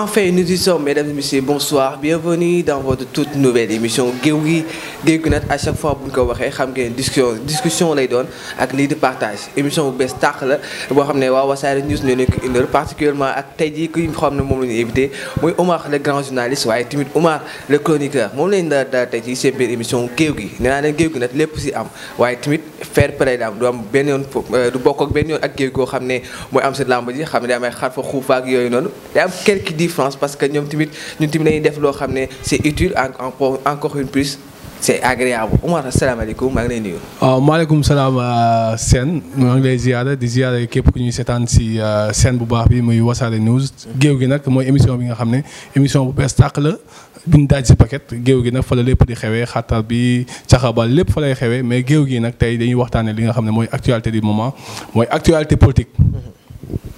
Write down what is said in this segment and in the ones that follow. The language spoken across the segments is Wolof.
Enfin, nous y sommes, mesdames et messieurs, bonsoir. Bienvenue dans votre toute nouvelle émission Géoui Géguinat. À chaque fois, vous avez une discussion, discussion lay donne ak li de partage. Émission bu bes tax la bo xamné wa Wassare News ñu nek indal particulièrement ak tay ji ku xamné mom lañu invité moy Omar le grand journaliste waye timit Omar le chroniqueur. Mom lañu da da tay ci seen émission Géoui. Néna leen Géoui nat lépp ci am waye timit fair play la am ben yon euh, du bokk ak ben yon ak Géoui go xamné moy am ci lamb ji xamné da may xar fa xuuf ak yoy nonu. Da am quelques France parce que ñoom tamit ñun tamit dañuy def loo xam c'est utile encore une plus c'est agréable Omar asalaamaaleykum maa ngi lay nuyu. waaw maaleykum salaam euh, Sène maa ngi lay ziyaara di ziyaara képp ku ñuy si euh, Sène bu baax bi muy Wassare News. géew gi nak moy émission bi nga xamné émission bu bees tàq la buñ daaj paquet géew gi nak fa la lépp di xewé xatar bi caxabal lepp fa lay xewé mais géew gi nak tay dañuy waxtane li nga xamné moy actualité du moment moy actualité politique. Mm-hmm.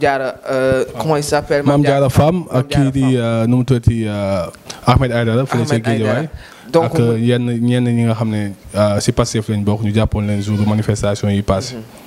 Diarra. Euh, comment il s'appelle Mame Diarra ak kii di euh, nu mu tuddati euh, Ahmed Aïdara. Ahmed Aïdara donc ak yenn ñenn ñi nga xam ne si Pastef lañ bokk ñu jàppoon leen jour manifestation yi passé mm-hmm.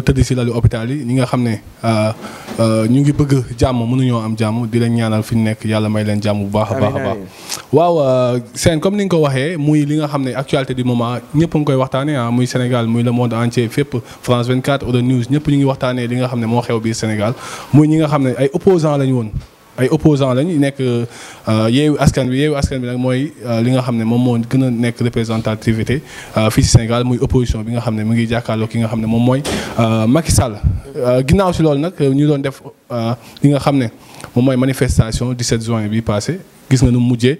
ñoo tëdd si lalu hôpital yi ñi nga xam ne ñu ngi bëgg jàmm mënu ñoo am jàmm ya ah, di leen ñaanal fi nekk yàlla may leen jàmm bu baax a baax a baax waaw seen comme ni nga ko waxee muy li nga xam ne actualité du moment ñëpp nga koy waxtaanee ah muy Sénégal muy le monde entier fépp France 24 Euro News ñëpp ñu ngi waxtaanee li nga xam ne moo xew bii Sénégal muy ñi nga xam ne ay opposants lañu woon ay opposants lañ nekk euh, yeewu askan bi yeewu askan bi nag mooy euh, li nga xam ne moom moo gën a nekk représentativité euh, fii ci Sénégal muy opposition bi nga xam ne mu ngi jàkkaarloo ki nga xam ne moom mooy Macky Sall ginnaaw ci loolu nag ñu doon def li nga xam ne moom mooy manifestation 17 juin bi passé gis nga nu mujjee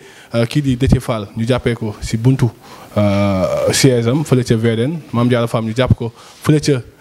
kii di Déthié Fall ñu jàppee ko si buntu siège am fële ca VDN Mame Diarra Fam ñu jàpp ko fële ca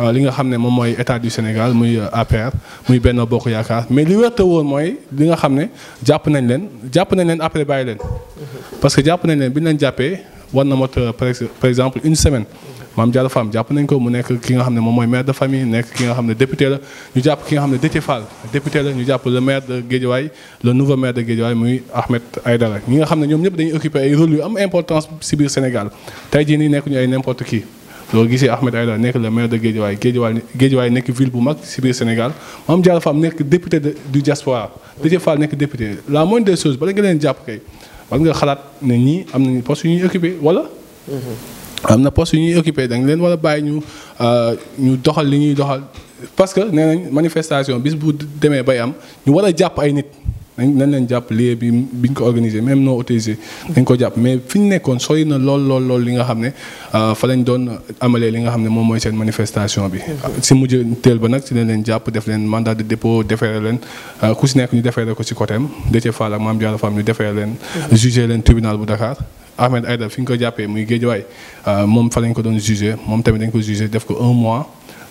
Euh, li nga xam mom moy état du Sénégal muy euh, APR muy ben Bokk yakar mais li wërté woon moy li nga xam japp nañ leen japp nañ leen après bàyyi leen. parce que japp nañ leen bi ñu jappé jàppee war na mot euh, par exemple une semaine. mam Diallo Fam japp nañ ko mu nek ki nga xam mom moy maire de famille nek ki nga xam député la ñu japp ki nga xam ne Fall député la ñu japp le maire de Guédiawaye le nouveau maire de Guédiawaye muy Ahmed Aïdara ñi nga xam ñom ñoom ñëpp dañuy occuper ay rôle yu am importance ci biir Sénégal tay tey ni nii ñu ay n'importe qui loo gisee Ahmed Aïdara nekk le maire de Guédiawaye Guédiawaye Guédiawaye nekk ville bu mag si biir Sénégal Mame Diarra Fam nekk député de, du diaspora Déthié Fall nekk député la moindre des choses ba nga leen jàpp kay war nga xalaat ne ñii am nañu poste yu ñuy occupé wala mhm. am na poste yu ñuy occupé da leen war a bàyyi ñu euh, ñu doxal li ñuy doxal parce que nee nañ manifestation bis bu demee bay am ñu war a jàpp ay nit nañ lañ leen des bi ko même non autorisé dañ ko japp mais fiñ nekkoon ne euh, fa lañ li nga manifestation bi si mujj teel ba nag si leen leen jàpp def mandat de dépôt defeere leen euh, ku nekk ñu ko ñu tribunal bu Dakar Ahmed ko def ko un mois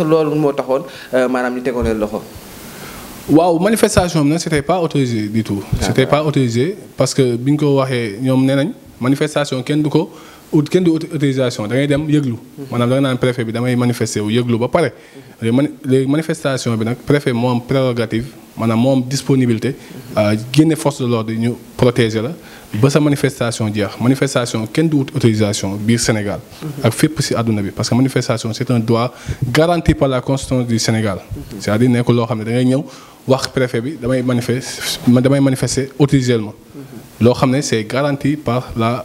est-ce que loolu moo taxoon euh, maanaam ñu tegoon loxo. waaw manifestation bi c'était pas autorisé du tout. c'était pas autorisé parce que bi ñu ko waxee ñoom manifestation kenn du ut kenn du autorisation da ngay dem yëglu. maanaam da nga naan préfet bi damay manifester wu yëglu ba pare. léegi manifestation bi nag préfet moo prérogative maanaam moo am disponibilité. Euh, génne force de l'ordre ñu protéger la ba sa manifestation jeex manifestation kenn du ut autorisation biir Sénégal. ak fépp si àdduna bi parce que manifestation c'est un droit garanti par la constitution du Sénégal. c'est-à-dire que loo xam ne da ngay wax préfet bi damay manifester damay manifester autorisé ma. loo c'est garanti par la.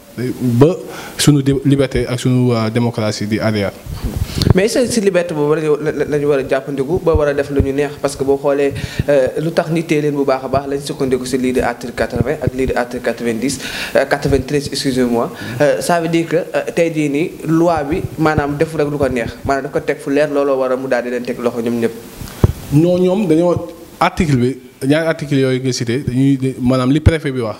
ba sunu liberté ak suñu euh, démocratie di arrière. mais est-ce que si liberté boobu la ñu war a jàppandiku boo war a def lu ñu neex parce que boo xoolee euh, lu tax ni tee leen bu baax a baax lañ sukkandiku si lii di article 80 ak lii di article 90 93 euh, excusez-moi ça veut dire que tey jii nii loi bi maanaam defu rek du ko neex maanaam daf ko teg fu leer looloo war a mu daal di leen teg loxo ñoom ñëpp. non ñoom dañoo article bi ñaari article yooyu nga cité dañuy maanaam li bi wax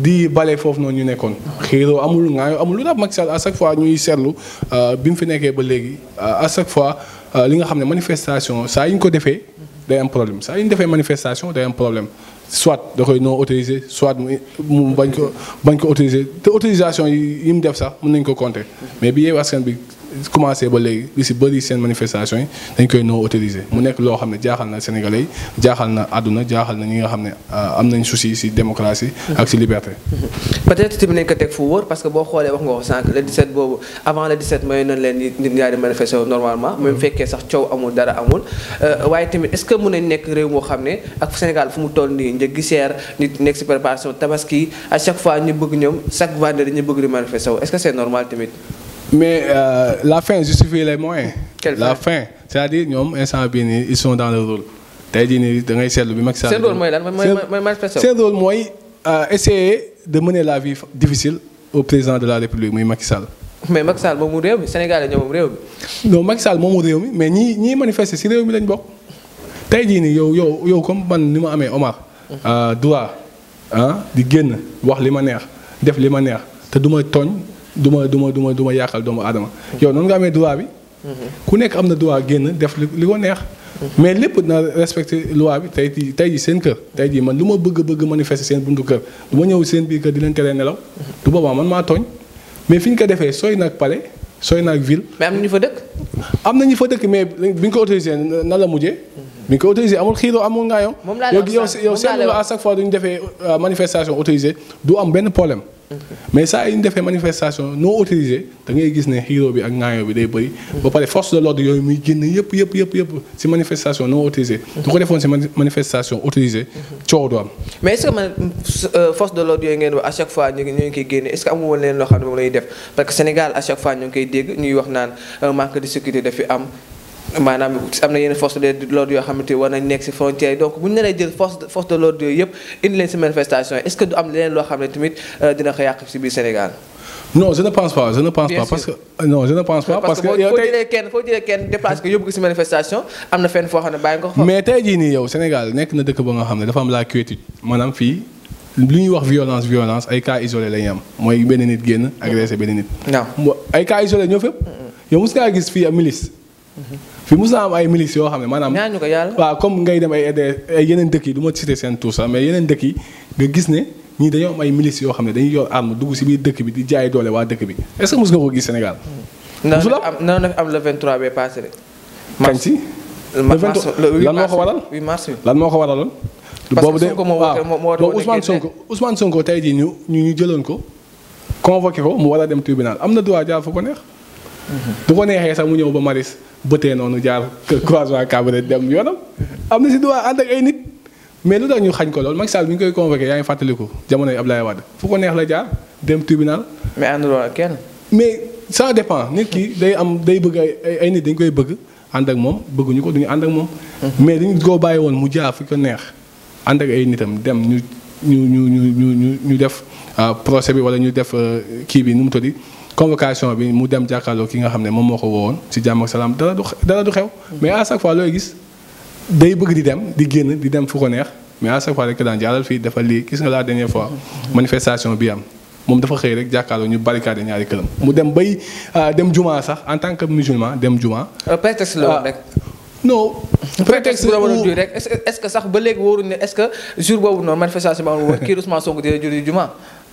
di balé foofu non ñu nekkoon xiiroo amul nga amul lu tax Macky Sall à chaque fois ñuy sétlu euh mu fi nekkee ba légui euh, à chaque fois euh, li nga xamné manifestation ça yi ko défé day am problème ça yi défé manifestation day am problème soit da koy non autorisé soit mu bañ ko bañ ko autorisé te autorisation yi mu def sax mën nañ ko compter mais bi Yewwi Askan bi commencé ba léegi lu si bëri seen manifestation yi dañ koy non autorisé mu nekk loo xam ne jaaxal na sénégalais yi jaaxal na àdduna jaaxal na ñi nga xam ne euh, am nañ souci si démocratie ak si liberté mhm. peut-être tamit nañ ko teg fu wóor parce que boo xoolee wax nga ko sànq le 17 boobu avant le 17 mayoon nañ leen nit ñaa di manifesté normalement même fekkee sax coow amul dara amul euh, waaye tamit est-ce que mën nañ nekk réew moo xam ne ak Sénégal fu mu toll nii njëg gi seer nit nekk si préparation tabaski à chaque fois ñu bëgg ñoom chaque vendredi ñu bëgg di manifesté est-ce que c'est normal tamit mais euh, la fin justifie les moyens. Quelle la fin, fin. c'est-à-dire ñoom instant bii ils sont dans le rôle tey jii nii da ngay seetlu bi Macky Sall. seen rôle mooy lan mooy mooy manifestation. seen rôle mooy euh, essayer de mener la vie difficile au président de la République muy Macky Sall. mais Macky Sall moomu réew mi Sénégal la ñoom réew non Macky Sall moomu réew mi mais ñii ñii manifester si réew mi lañ bokk tey jii nii yow yow yow comme man ni ma amee Omar. Euh, droit hein, di Guen, wax li ma neex def li ma neex te du ma du ma du ma du ma du ma yàqal doomu aadama. yow noonu nga amee droit bi. ku nekk am na droit génn def li ko neex. mais lépp na respecté loi bi tey jii tey jii seen kër tey jii man lu ma bëgg bëgg manifester seen buntu kër du ma ñëw seen biir kër di leen teree nelaw. du boobaa man maa tooñ mais fi ñu ko defee soy nag palais sooy nag ville. mais am na ñu fa dëkk. am na ñu fa dëkk mais bi ñu ko autorisé na la mujjee. bi ñu ko autorisé amul xiiroo amul ngaayam. moom laa yow seen à chaque fois du defee euh, manifestation autorisée du am benn problème. mais saa yi ñu defee manifestation no autorisée da ngay gis ne xiiroo bi ak ŋaayoo bi day bëri. ba pare force de l'ordre yooyu muy génn yëpp yëpp yëpp yëpp si manifestation non autorisée. du ko defoon si manifestation autorisée. coow am. mais est-ce que euh, force de l'ordre yooyu ngeen wax à fois ñu ngi koy génne est-ce que amul woon parce que Sénégal à chaque fois ñu koy dégg ñuy wax naan euh, manque de sécurité dafi am. manam amna yene force de l'ordre yo xamante war nek ci frontière donc buñu ñu nee jël force force de l'ordre yooyu yëpp indi leen si manifestation est-ce que du am leneen lo xamné tamit euh, dina ko yaq ci biir Sénégal. non je ne pense pas je ne pense pas parce que non je ne pense pas parce que Il tey foo jëlee kenn foo jëlee kenn déplacé ko yóbbu ko si manifestation am na fenn foo xam ne bàyyi nga mais tey jii nii yow Sénégal nekk na dëkk ba nga xam ne dafa am la quiétude maanaam fii. li ñuy wax violence violence ay cas isolé la ñu am mooy benn nit génn agressé benn nit. waaw ay cas isolé ñoo fépp. yow mos ngaa gis fi am milice fi mus naa am ay milices yoo xam ne maanaam. ñaañu ko yàlla waaw comme ngay dem ay ay yeneen dëkk yi du ma cité seen tuur sax mais yeneen dëkk yi nga gis ne ñii dañoo am ay milices yoo xam ne dañuy yor arme dugg si biir dëkk bi di jaay doole waa dëkk bi est mus nga ko gis Sénégal. musu la am na am le 23 bee passé rek. si. lan moo ko waral 8 mars bi lan moo ko waraloon. boobu de waaw Ousmane Sonko Ousmane Sonko tey jii ñu ñu jëloon ko convoqué ko mu war dem tribunal am na droit jaar fa ko neex bu ko neexee sax mu ñëw ba maris bëtee noonu jaar kër croisement Cambérène dem yoonam am na si droit ànd ak ay nit mais lu tax ñu xañ ko loolu Macky Sall mi ngi koy convoqué yaa ngi fàttaliku jamonoy Abdoulaye Wade fu ko neex la jaar dem tribunal. mais ànduloo ak kenn. mais ça dépend nit ki day am day bëgg ay ay nit dañ koy bëgg ànd ak moom bëgguñu ko duñu ànd ak moom. Mhm. mais dañu koo bàyyi woon mu jaar fi ko neex ànd ak ay nitam dem ñu ñu ñu ñu ñu ñu def euh, procès bi wala ñu def euh, kii bi nu mu tudd convocation bi mu dem jàkkaarloo ki nga xam ne moom moo ko woowoon si jàmm ak salaam dara du dara du xew mais à chaque looy gis day bëgg di dem di génn di dem fu ko neex mais à chaque fois rek daan jàllal fii dafa lii gis nga la bi am moom dafa xëy rek jàkkaarloo ñu barricade ñaari këram mu dem bay euh, dem juma sax en tant que musulman dem juma. Euh, prétexte la woon euh, rek. non prétexte bu la war a jur sax ba léegi wóoruñu ne est ce boobu noonu manifestation bi amul woon kii Ousmane Sonko dina jur juma.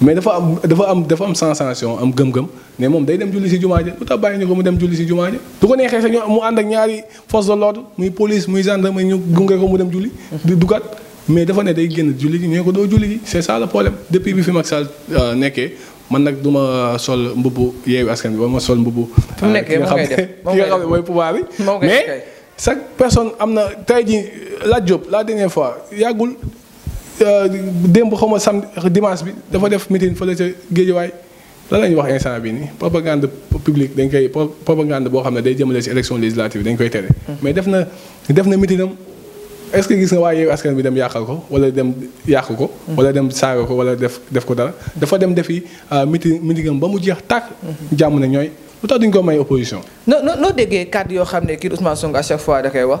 mais dafa am dafa am dafa am sensation am gëm-gëm ne moom day dem julli si jumaa ja lu tax bàyyi ñu ko mu dem julli si jumaa ja du ko neexee sax ñu mu ànd ak ñaari force de l'ordre muy police muy gendarme mu dem julli di dugaat mais dafa ne day génn julli ji ñu ko doo julli ji c'est ça le problème depuis bi fi Macky Sall euh, nekkee man nag du ma sol mbubbu yeewu askan bi wala ma sol mbubbu euh, ki nga xam ne mooy pouvoir bi mais chaque personne am na tey di la Diop la dernière fois yàggul Euh, démb xaw ma sam dimanche bi dafa def meeting fële ca géejawaay lan la ñuy wax instant bi nii propagande publique dañ koy propagande boo xam ne day jëmale si élection législative dañ koy tere. Mm-hmm. mais def na def na meeting am est ce que gis nga waa Yewwi Askan bi dem yàqal ko wala dem yàq ko. Mm-hmm. wala dem saaga ko wala def def ko dara. Mm-hmm. dafa dem defi euh, meeting meeting am ba mu jeex tàkk. jàmm ne ñooy lu tax duñ ko may opposition. noo noo déggee kàddu yoo xam ne kii Ousmane Sonko chaque fois da koy wax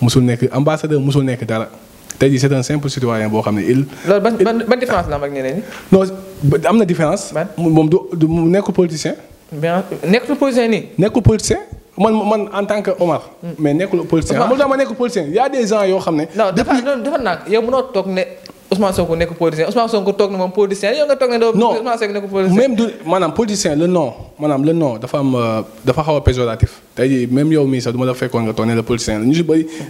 musul nek ambassadeur musul nek dara tay c'est un simple citoyen bo xamné il. lolu ban ban différence la am ak ñeneen ni non amna différence. mom du du nekkul politicien. bien nekkul politicien nii. nekkul politicien. man man en tant que Omar. Hmm. mais nek politicien. Omar dama nek ma il y a des gens yo xamné depuis non dafa dafa yow mënoo tok ne. Ousmane Sonko nekk politicien Ousmane Sonko politicien nga ne politicien même du le nom maanaam le nom dafa am euh, dafa xaw a péjoratif tey même yow la nga ne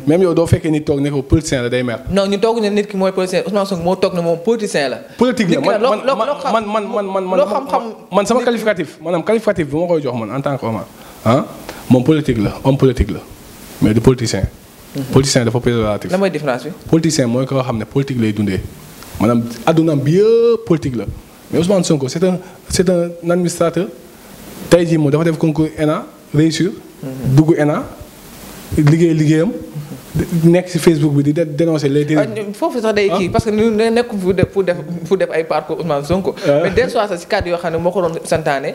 même yow ko politique man man man man man man man tant que homme ah politique la homme politicien dafa péjoratif. lan mooy différence bi. politicien mooy koo xam ne politique lay dundee maanaam addunaam bi yëpp politique la mais Ousmane Sonko c' est un c' est un administrateur tey jii moom dafa def concours ENA réussir. Mhm. dugg ENA liggéey liggéeyam. nekk ci Facebook bi di dénoncer les dérives. Ah, foofu sax day kii ah. parce que ñu nekk pour def pour def ay parcours Ousmane Sonko. Ah. mais des fois sax ci cadre yoo xam ne moo ko doon santaane.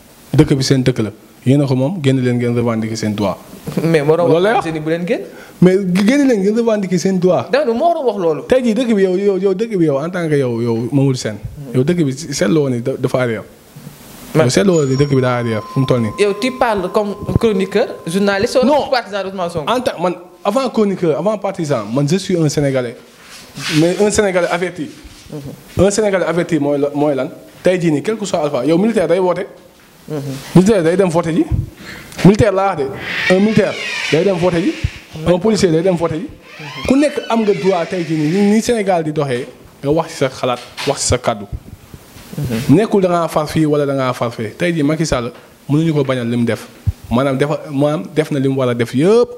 dëkk bi seen dëkk la yéen a ko moom génn leen ngeen revendiquer seen droit. mais moo doon wax bu leen génn. mais génn leen ngeen revendiquer seen droit. daanaka moo doon wax loolu. tey jii dëkk bi yow yow yow dëkk bi yow en tant que yow yow Mamadou Sène. yow dëkk bi seetloo ni dafa arrière. man seetloo ni dëkk bi daa arrière fu mu toll nii. yow tu parles comme chroniqueur journaliste. non partisan Ousmane Sonko. en tant man avant chroniqueur avant partisan man je suis un sénégalais mais un sénégalais averti. Mhm. un sénégalais averti mooy mooy lan tey jii nii quel que soit alpha yow militaire day woote. militaire day dem voté ji militaire laa wax de un day dem voté ji. un policier day dem voté ji. ku nekk am nga droit tey jii nii ni Sénégal di doxee nga wax ci sa xalaat wax ci sa kàddu. nekkul da ngaa far fii wala da ngaa far fee tey jii Macky Sall mënuñu ko bañal li mu def maanaam defa maanaam def na lim mu war a def yëpp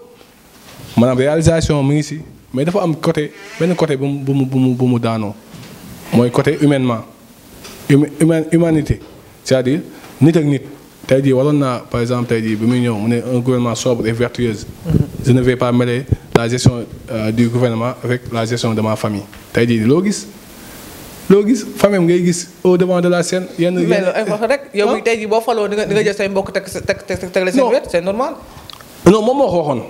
maanaam réalisation mi ngi si mais dafa am côté benn côté bu mu bu mu bu mu bu mu daanoo mooy côté humainement humanité c'est-à-dire. par exemple un gouvernement sobre et vertueux mm-hmm. je ne vais pas mêler la gestion euh, du gouvernement avec la gestion de ma famille famille au de la scène. normal. non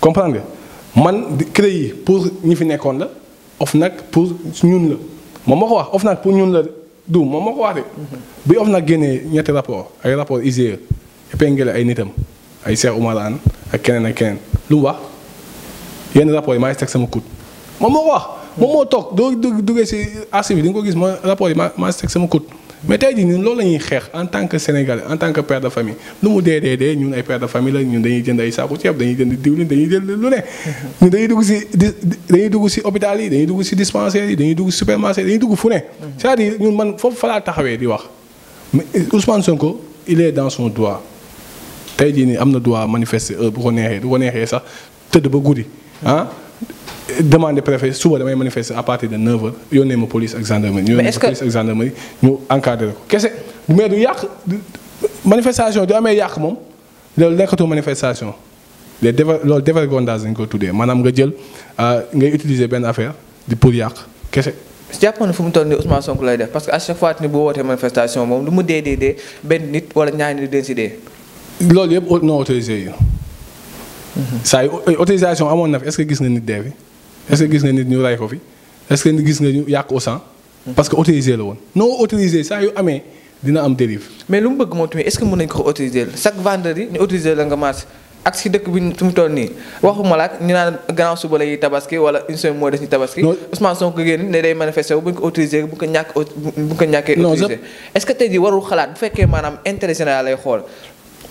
comprendre nga man créé yi pour ñi fi nekkoon la OFNAC pour ñun la moom moo ko wax OFNAC pour ñun la du moom moo ko wax de. bi OFNAC génnee ñetti rapport ay rapport IGE épinglé ay nitam ay Cheikh Oumar ak keneen ak keneen lu mu wax yenn rapport yi maa ngi teg sama kut moom moo ko wax. moom moo toog doo duggee si archive bi di ko gis mooy rapport yi maa ma ngi teg sama kut. mais tey jii ñun loolu la ñuy xeex en tant que sénégalais en tant que père de famille lu mu dee dee dee ñun ay père de famille la ñun dañuy jënd ay saaku ceeb dañuy jënd diwlin dañuy jënd lu ne. ñun dañuy dugg si dañuy dugg si hôpital yi dañuy dugg si dispensaire yi dañuy dugg si supermarché dañuy dugg fu ne. c'est-à-dire ñun man foofu fa laa taxawee di wax mais Ousmane Sonko il est dans son droit tey jii nii am na droit manifester bu ko neexee du ko neexee sax tëdd ba guddi ah demandé préfet suba de manifester à partir de 9h a une police ex gendarmerie. mais police gendarmerie ñu c'est mais du manifestation du y manifestation. les dévergondage Madame nga jël euh, affaire di pour qu'est-ce C'est Ousmane Sonko lay parce que chaque fois bu une manifestation une idée, nit wala est-ce que vous avez est-ce que gis nga nit ñu rey ko fi est-ce que gis nga ñu yàq Auchan parce que autorisé la woon non autorisé saa yu amee dina am dérive. mais lu mu bëgg moom tamit est-ce que mën nañu ko autoriser chaque vendredi ñu autorisé la nga marché ak si dëkk bi su mu toll nii waxuma laak ñu naan gannaaw suba lay tabaski wala une semaine moo des ñu tabaski. Ousmane Sonko génn ne day manifester bu ñu ko autorisé bu ñu ko ñàkk bu ñu ko autorisé est-ce que tey jii warul xalaat bu fekkee maanaam intérêt général lay xool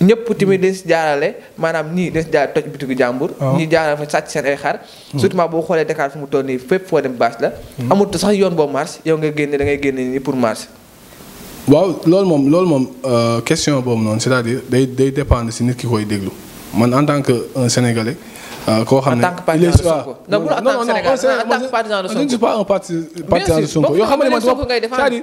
ñépp tamit des jaarale maanaam ñii des jaarale toj bitigu jàmbur oh. ñii jaarale fa sàcc seen ay xar oh. surtout boo xoolee Dakar fu mu toll nii fépp foo dem bâche la hmm. amul sax yoon boo marche yow nga génne da ngay génne nii pour marche waaw loolu moom loolu moom euh, question boobu noonu c'est-à-dire day day dépendre si nit ki koy déglu man en tant que un euh, sénégalais euh, koo xam ne il est non non non non non non non non non non non non non non non non non non non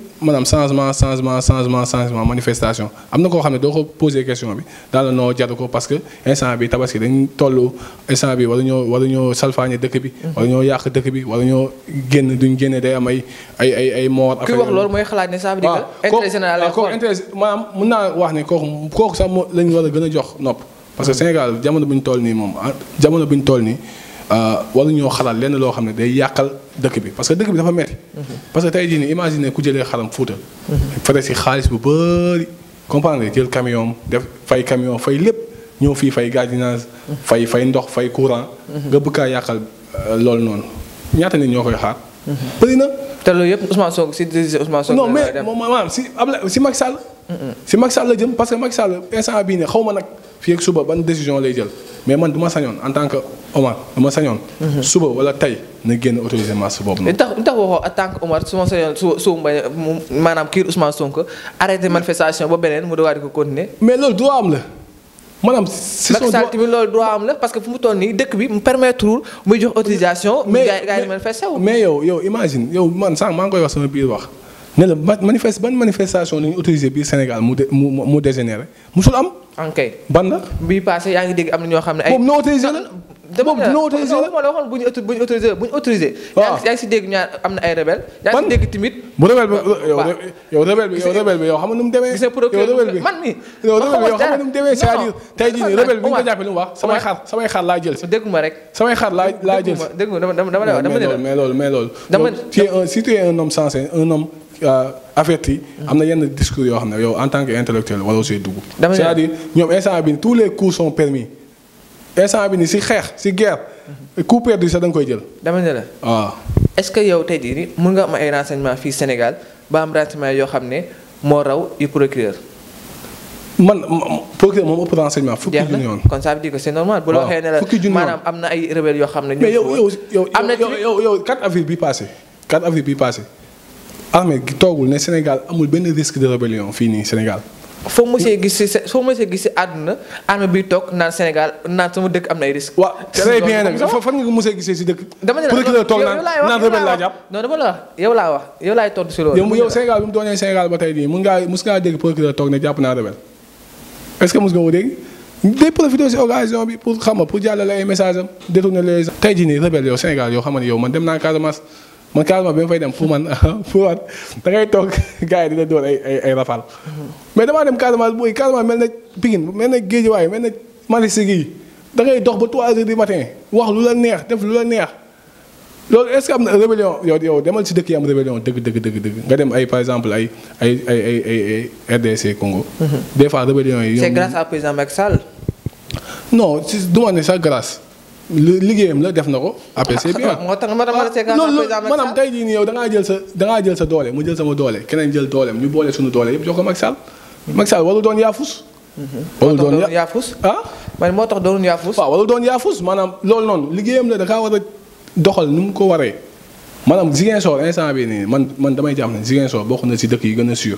sans changement changement changement changement manifestation amna ko xamne do ko question bi la no parce que instant bi tabaski dañ instant bi wala ñoo wala ñoo bi mhm. wala ñoo bi wala ñoo genn duñ waruñoo xalaat lenn loo xam ne day yàqal dëkk bi parce que dëkk bi dafa metti parce que tey jii nii imagine ku jëlee xaram Fuuta fare si xaalis bu bëri comprendre jël camion def fay camion fay lépp ñëw fii fay gardinage. fay fay ndox fay courant nga bëgg kaa yàqal loolu noonu ñaata nit ñoo koy xaar bëri na te loolu yëpp Ousmane Sonko si Ousmane Sonko non mais moom maanaam si si Macky Sall si Macky Sall la jëm parce que Macky Sall instant bii ne xaw ma nag fii ak suba ban décision lay jël mais man du ma sañoon en tant que Omar du ma sañoon. Mhm. suba wala tey na génn autorisé marche boobu noonu. tax tax waxoo en tant que Omar su ma sañoon su su maanaam kii Ousmane Sonko arrêté manifestation ba beneen mu doog di ko continuer. mais loolu droit am la. maanaam si son droit loolu droit am la parce que fu mu toll nii dëkk bi mu permettre muy jox autorisation. mais mais mais yow yow imagine yow man sànq maa ngi koy wax sama biir wax. ne la manifeste ban manifestation la ñu autorisé biir Sénégal mu mu mu dégénéré musul am. ok ban la. bii passé yaa ngi dégg am na ñoo xam ne ay. boobu non autorisé la. boobu non autorisé la la waxoon bu ñu bu ñu autorisé bu ñu autorisé. Ah. yaa ngi si dégg ñaar am na ay rebelle. yaa ngi dégg tamit. bu rebelle bi yow rebelle bi yow xam nga nu mu demee. gis nga procureur bi man mii. yow rebelle bi yow xam nga tey jii nii rebelle bi bu jàppee lu mu samay xar samay xar laa jël si. dégg ma rek samay xar laa laa jël si. dégg ma dama dama dama ne la mais loolu mais loolu. dama tu es un si tu es un homme Euh, averti am na yenn discours yoo xam yow en tant qu'intellectuel. intellectuel waroo see c'est-à-dire ñoom instant bi tous les coups sont permis instant bi ni si xeex si guerre. Mhm. coup perdu sax da nga koy jël. dama ne la waaw. Ah. est-ce que yow tey jii mun nga am ay renseignements fii Sénégal ba am renseignement yoo xam ne moo raw yu procureur. man procureur moom ëpp renseignement fukki junni yoon ça veut dire que c'est normal. bu la waxee ne la maanaam am ay rebelle yo xam ñu mais yow yow yow yow 4 avril bi passé 4 avril bi passé. armée toogul ne Sénégal amul benn risque de rébellion fii nii Sénégal. foo mosee gis si foo mosee gis si àdduna armée bi toog naan Sénégal naan sama dëkk am na ay risques. waaw très bien si dëkk. dama ne la yow toog naan naan rebelle laa jàpp. non dama la wax yow laa wax yow si loolu. yow Sénégal bi mu doonee Sénégal ba tey nii mun ngaa mus ngaa dégg procureur toog ne jàpp naa rebelle est-ce que mus nga ko dégg. day si occasion bi pour xam nga pour jàllale ay messages am détourner les. tey jii nii yow Sénégal yow xam yow dem naa man carrément bi ma fay dem pour man pour man da ngay toog gars yi di la ay ay ay rafal mais damaa dem Casamance booy Casamance mel na Pikine mel ne na Guédiawaye mel na Malika gii da ngay dox ba trois heures du matin wax lu la neex def lu la neex loolu est-ce que am na rébellion yow yow demal si dëkk yi am rébellion dëgg dëgg dëgg dëgg nga dem ay par exemple ay ay ay ay ay RDC Congo. Mhm. des fois rébellion yi. c'est grâce à président Macky Sall. non si du ne sax grâce. liggéeyam la def na ko APC bi ah, ah, moo tax ma maanaam tey jii nii yow da ngaa jël sa da jël sa doole mu jël sama doole keneen jël dooleem ñu boole suñu doole yëpp jox ko Macky Sall Macky Sall walu doon yaafus mm-hmm. walu doon yaafus ah moo tax doonul yaafus waaw walu doon yaafus maanaam loolu noonu liggéeyam la da kaa war a doxal ni mu ko waree maanaam Ziguinchor instant bi nii man man damay jàpp ne Ziguinchor bokk na si dëkk yi gën a sûr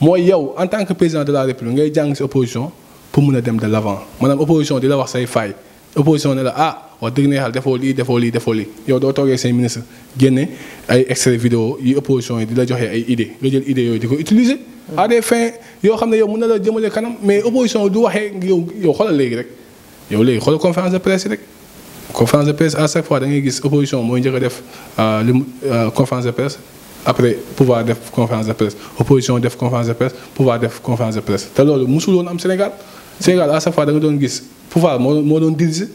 Moi, yow en tant que président de la république ngay jàng ci opposition pour mon a de l'avant Madame, opposition di la wax say faay opposition ne la ah wax dëgg ne yàlla defoo lii defoo lii defoo lii yow doo toogee say ministre génne ay extrait vidéo yi opposition yi di la ay idée nga jël idées yooyu di utiliser hmm. à des fins il y a yow gens qui la jëmale kanam mais opposition du waxee yow yow xoolal léegi rek yow léegi une conférence de presse rek conférence de presse à chaque fois da ngay gis opposition mooy njëkk a def euh, euh, conférence de presse après pouvoir def conférence de presse opposition def conférence de presse pouvoir def conférence de presse te loolu musul woon am Sénégal Sénégal à sa fois da nga doon gis pouvoir moo moo doon diriger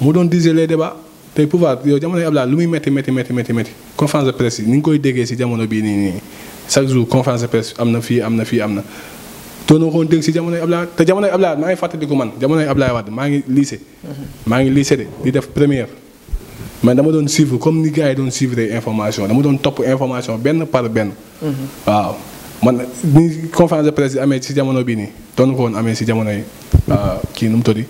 moo doon diriger les débats tey pouvoir yow jamono yi Abdoulaye lu muy métti métti métti métti métti conférence de presse yi ni nga koy déggee si jamono bii nii nii chaque jour conférence de presse am na fii am na fii am na doonoo koon dégg si jamono yi Abdoulaye te jamono yi Abdoulaye maa ngi fàttaliku man jamono yi Abdoulaye Wade maa ngi lycée mhm. maa ngi lycée de di def première mais dama doon suivre comme ni gars yi doon suivre information dama doon topp information benn par benn. waaw man ni conférence de presse yi amee ci jamono bii nii doon ko woon amee ci jamono yi kii nu mu tuddi.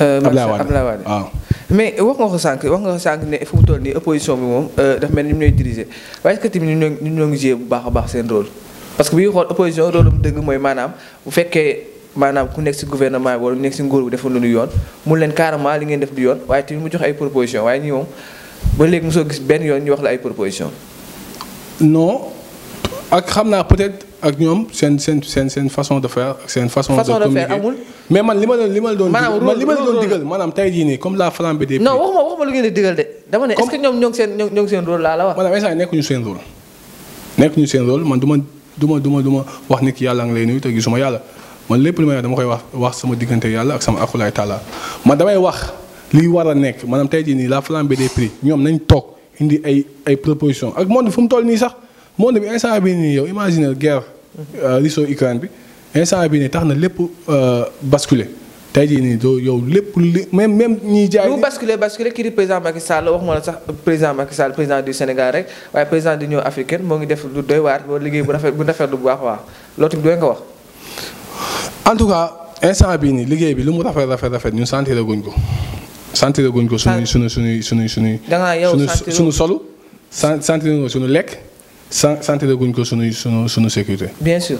Euh, Abdoulaye Wade Abdoulaye Wade mais wax nga ko sànq wax nga ko sànq ne fu mu toll nii opposition bi moom euh, dafa mel ni ñu ngi lay waaye est que tamit ñu ngi ñu ngi jouer bu baax a baax seen rôle. parce que bu xool opposition rôle am dëgg mooy maanaam bu fekkee. maanaam ku nekk si gouvernement bi wala nekk si nguur bi defal lu yoon mu leen carrément li ngeen def du yoon waaye tamit mu jox ay proposition waaye ñi moom ba léegi mosoo gis benn yoon ñu wax la ay proposition non ak xam naa peut-être ak ñoom seen seen seen seen façon de faire ak seen façon. façon de doon li ma tey jii nii comme la flambée des prix. non waxuma waxuma lu ngeen digal de. dama ne est-ce que ñoom ñoo seen ñoo laa la wax. maanaam instant nekkuñu seen nekkuñu seen rôle man du ma du ma du ma wax nit ki yàlla nga lay nuyu te gisuma yàlla man lépp li may wax dama koy wax wax sama diggante yàlla ak sama akulaay taala man damay wax liy war a nekk maanaam tey jii nii la flambée ñoom nañ toog indi ay ay proposition ak monde fu mu toll nii sax monde bi instant bii nii yow imagine guerre euh, russo bi instant bii nii tax na lépp euh, basculer tey jii nii doo yow lépp li même même ñiy jaay. lu basculé basculé kii di président Macky Sall waxuma la sax président Macky Sall président du Sénégal rek waaye président de l'Union africaine moo ngi def lu doy waar loolu liggéey bu rafet bu rafet lu bu baax a loolu tamit nga wax. en tout cas instant bii nii liggéey bi lu mu rafet rafet rafet ñun sentir guñ ko. sentir guñ ko suñuy suñu suñu suñuy suñuy. da ngaa yow sentir suñu solo. sentir nga suñu lekk. sentir guñ ko suñuy suñu suñu sécurité. bien sûr.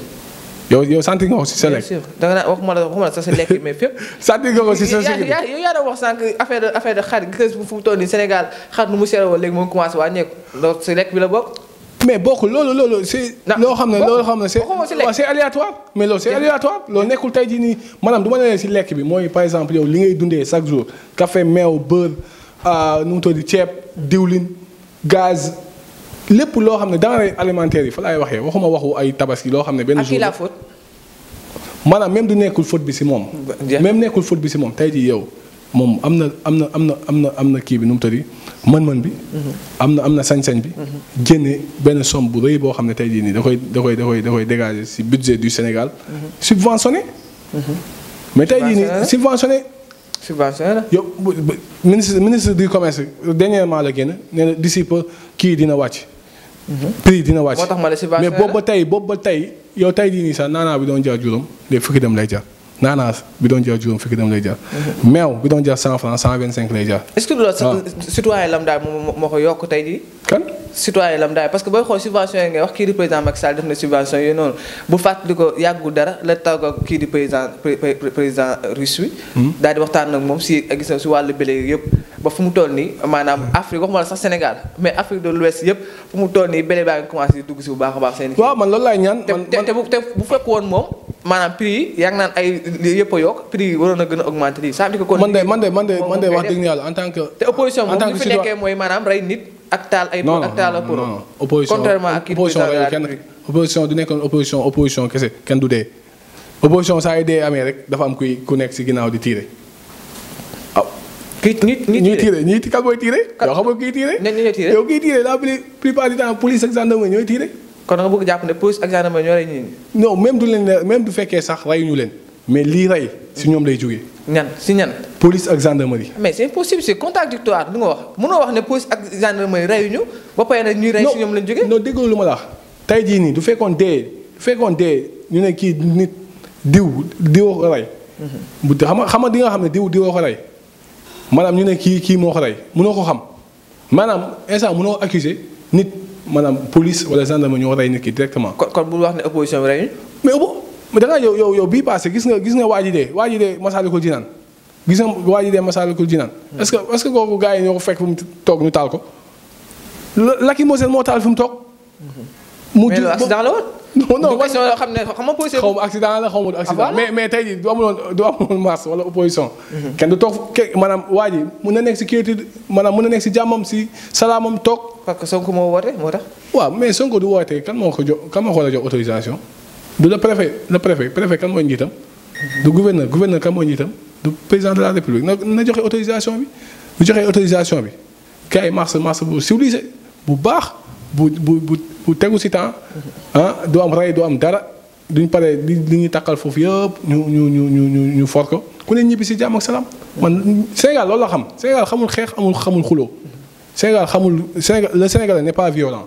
yow yow sentir nga ko si sa lekk. bien sûr da nga naan waxuma la waxuma la sa lekk mais fépp. sentir nga ko si sa sécurité yow yaa doon wax sànq affaire affaire de xar gis nga fu Sénégal xar nu mu seeroo léegi mu commencé wàññeeku donc si lekk bi la bokk. mais bokkul loolu loolu c'est. lo, xam ne loolu xam c'est waaw c'est aléatoire. mais loolu c'est aléatoire Lo, nekkul tey jii nii maanaam du ma ne si lekk bi mooy par exemple yow li ngay dundee chaque jour café meew beurre ah, nu mu tudd ceeb diwlin gaz. lépp lo, xam ne denrées alimentaires yi fa laay waxee waxuma waxu ay tabaski loo xam ne benn jour. ak ki la faute. maanaam même du nekkul faute bi si moom. même nekkul faute bi si moom tay di yow mom amna amna amna amna amna ki bi num mu man man bi. Mm-hmm. am amna am sañ-sañ bi. Mm-hmm. génné ben somme bu rëy bo xamné tay di ni da koy da koy da koy da koy dégager ci budget du Sénégal. Mm-hmm. subventionné. mais tay di ni subventionné. subventionné yo ministre ministre du commerce dernièrement la génné né na d'ici peu kii dina wacc prix dina wacc mais bobu tay bobu tay ba tey yow tey jii nii sax naanaa bi doon jar juróom léegi fukki dem lay jar. naanaas bi doon jar juróom fukki dem lay jar. meew bi doon jar cent franc cent vingt cinq lay jar. est-ce que loolu citoyen lambda moo ko yokk tey jii kan citoyen lam daay parce que booy xool subvention yi ngay wax kii di président Macky Sall def na subvention yooyu noonu bu fàttali ko yàggul dara la tàgg ak kii di président président russe hmm? waxtaan ak moom si gis na si wàllu bële yëpp ba fu mu toll nii maanaam Afrique waxuma la sax Sénégal mais Afrique de l'Ouest yëpp fu mu toll nii bële baa ngi commencé dugg si bu baax a baax seen waaw man loolu laay ñaan te bu te bu fekk woon moom maanaam prix yi a ak taal ay. ak taal ak poro opposition contrairement ak opposition kenn opposition du nekkoon opposition opposition kese kenn du dee. opposition saa yu dee amee rek dafa am kuy ku nekk si ginnaaw di tiire. waaw. Ah, kii ñuy ñuy tiire ñuy kat mooy tiire. yow xam nga kiy tiire. ñooñu yow kiy tiire la plupart du temps police ak ñooy tiire. kon nga bëgg jàpp ne police ak gendarmerie ñoo lay ñii. non même du leen même du fekkee sax reyuñu leen. mais li ray si ñom lay jógee. ñan si ñan. police ak gendarmerie. mais c'est impossible c'est contradictoire li du wax On wax ne police ak gendarmerie que ba pare na ñuy ray si ñom lañ jógee. non déggoo la wax tey jii du fekkon dé, fekkon dé ñu ne kii nit diw diwoo ko mhm. bu xam xam di nga xam diw diwoo ñu ne peut pas moo ko Madame, ko xam vous instant mëno accuser nit manam police wala gendarmerie ñu ray nit directement. kon bu wax né opposition ray mais da nga yow yow yow bii passé gis nga gis nga waa ji dee waa ji dee Masaalikul Jinaan gis nga waa ji dee Masaalikul Jinaan hmm. est ce que que kooku gars yi ñoo ko fekk fu mu toog ñu taal ko mu toog hmm. mu mais accident la woon. non non xam ne xam ma accident ah mais tey jii du amuloon du amuloon mars hmm. kenn du toog ke maanaam waa ji mun na nekk si quiétude maanaam mun na nekk si jàmmam si salaamam toog. parce que Sonko moo woote moo tax. waaw mais Sonko du woote kan moo ko jox kan moo ko war jox autorisation. du préfet le préfet préfet kan mooy njiitam du gouverneur gouverneur kan mooy njiitam du président de la république na na joxe autorisation bi bu joxee autorisation bi gars yi marche masse bu civilisé bu baax bu bu bu bu tegu si temps ah du am rey du am dara duñ paree li li ñuy takkal foofu yëpp ñu ñu ñu ñu ñu ñu for ko ku ne ñibbi si jàmm ak salaam. man Sénégal loolu la xam Sénégal xamul xeex amul xamul xuloo Sénégal xamul Sénégal le Sénégalais n'est pas violent.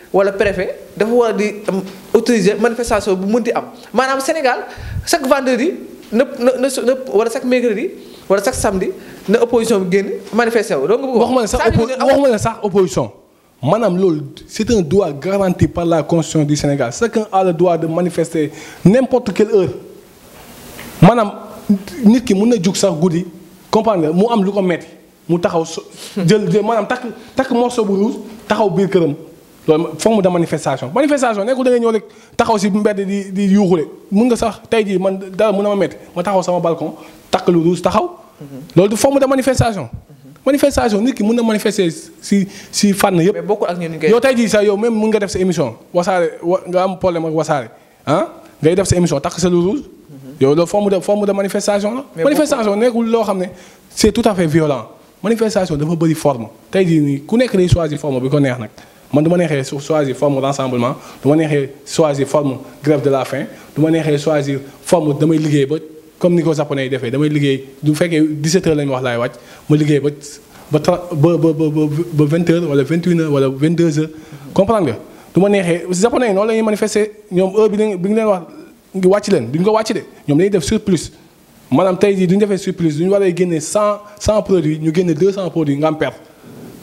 wala préfet dafa war a di um, autoriser manifestation bu mën di am maanaam Sénégal chaque vendredi na na na na wala chaque mercredi wala chaque samedi na opposition bi génn manifester wu. donc waxuma ne sax waxuma ne sax opposition. maanaam loolu c'est un droit garanti par la constitution du Sénégal chacun a le droit de manifester n'importe quelle heure maanaam nit ki mun na jug sax guddi comprendre mu am lu ko metti mu taxaw so jël jël maanaam takk takk morceau bu rouge taxaw biir këram forme de manifestation manifestation nekkul da ngay ñëw rek taxaw si mbedd di di yuuxule mën nga sax tey jii man dara mën na ma métti ma taxaw sama balcon takk lu ruus taxaw. Mhm. loolu du forme de manifestation. Mhm. manifestation nit qui, mën na manifester si si fànn yëpp. mais bokkul ak ñun yow tey jii sax yow même mën nga def sa émission wasaare wa nga am problème ak wasaare ah ngay def ces émission T'as sa lu ruus. Mhm. yow loolu forme de forme de manifestation la. manifestation nekkul loo xam ne c'est tout à fait violent manifestation dafa bëri forme dit, ni. nii ku nekk day choisir forme qu'on est neex acte man du ma choisir forme rassemblement du ma choisir forme grève de la faim du ma choisir forme damay me ba comme ni ko japonais yi defee damay liggéey du fekkee 17 heures la ñu wax laay wàcc ma liggéey ba ba ba ba ba 20 heures wala 21 heures wala 22 heures comprendre nga du japonais ont manifesté, ils ont manifester ñoom surplus. Madame leen bi leen wax ngi leen duñ ko surplus Ils ont gagné duñ duñ 100 100 produits ñu gagné 200 produits ils ont perdu.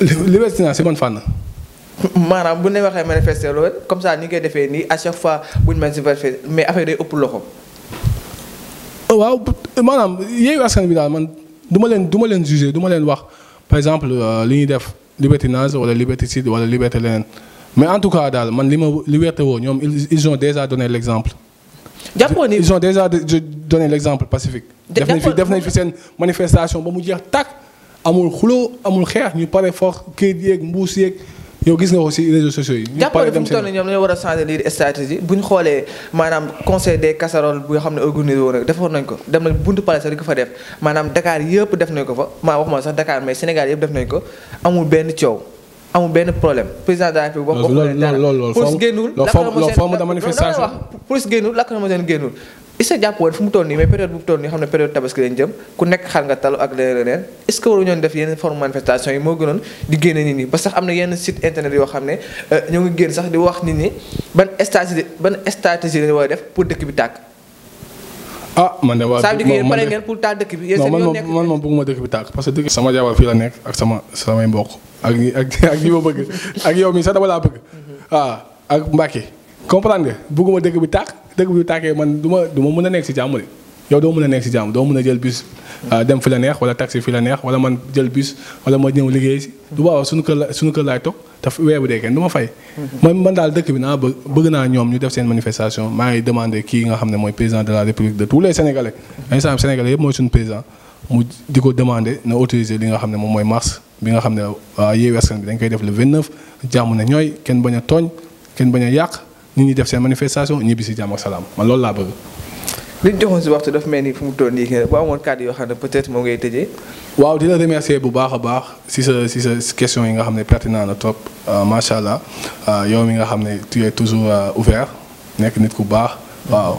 liberté nationale, c'est ban fànn. Madame, bu ne waxee manifester comme ça ni ñu koy à chaque fois bu ñu manifester mais affaire des ëpp Oh waaw madame, il y a eu man du ma leen du juger, leen jugé du ma leen wax par exemple euh, li ñuy def libertinage wala liberticide wala liberté leneen mais en tout cas dal, man li liberté woo ils, ils ont déjà donné l'exemple. ils ont déjà donné l'exemple pacifique. def nañ def nañ manifestation ba mu dire, tac amul xuloo amul xeex ñu pare fox këyit yeeg mbuus yeeg yow gis nga ko ci réseaux sociaux yi. jàppale fi war a changer lii stratégie bu ñu xoolee maanaam conseil des casseroles bu xam ne organisé woon rek defoon nañ ko dem nañ buntu palais sax di ko fa def maanaam Dakar yëpp def nañ ko fa maa waxuma sax Dakar mais Sénégal yëpp def nañ ko amul benn coow. amul benn problème président de la République wax. loolu loolu loolu loolu foofu police génnul. lakk na ma seen police génnul lakk na ma seen génnul isa japp won fu mu toll ni mais période bu toll ni xamne période tabaski lañ jëm ku nek xar nga talu ak leneen est ce que woru ñu def yeen forme manifestation yi mo gënon di gëna nit ni ba sax amna yeen site internet yo xamne ñu ngi gën sax di wax nit ni ban stratégie ban stratégie lañ wara def pour dëkk bi tak ah man dama sa di gën parengel pour ta dëkk bi yeen ñu nek man mom bëgguma dëkk bi tak parce que sama jabar fi la nek ak sama sama mbokk ak ak ak ñu bëgg ak yow mi sa dama la bëgg ah ak mbacké comprendre nga bugguma dëkk bi tak deug bi také man duma duma mëna ma ci a nekk yow do mëna a ci jamm do mëna jël bus euh, dem fi la neex wala taxi fi la neex wala man jël bus wala ma ñëw liggéey si du baaw suñu kër suñu kër lay tok te weer bu dee kenn fay man man dal dëkk bi na bëgg na ñom ñu def seen manifestation ma ngi demander ki nga xamné moy président de la république de tous les sénégalais instant sénégalais yépp moy suñu président mu di ko demandé na autoriser li nga xamné mom moy mars bi nga xamné ne Yewwi Askan bi dañ koy def le 29 jamm na ñoy kenn baña togn tooñ kenn bañ a nit ñi def seen manifestation ñibbi si jàmm ak salaam man loolu laa bëgg. li ñu joxoon si waxtu daf mel ni fu mu toll nii bu amoon kàddu yoo xam ne peut-être moom ngay tëjee. waaw di la remercier bu baax a baax si sa si sa question yi nga xam ne pertinent na trop euh, macha allah euh, yow mi nga xam ne tu es toujours euh, ouvert nekk nit ku baax waaw.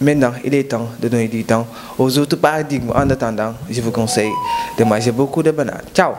Maintenant, il est temps de donner du temps aux autres paradigmes. En attendant, je vous conseille de manger beaucoup de bananes. Ciao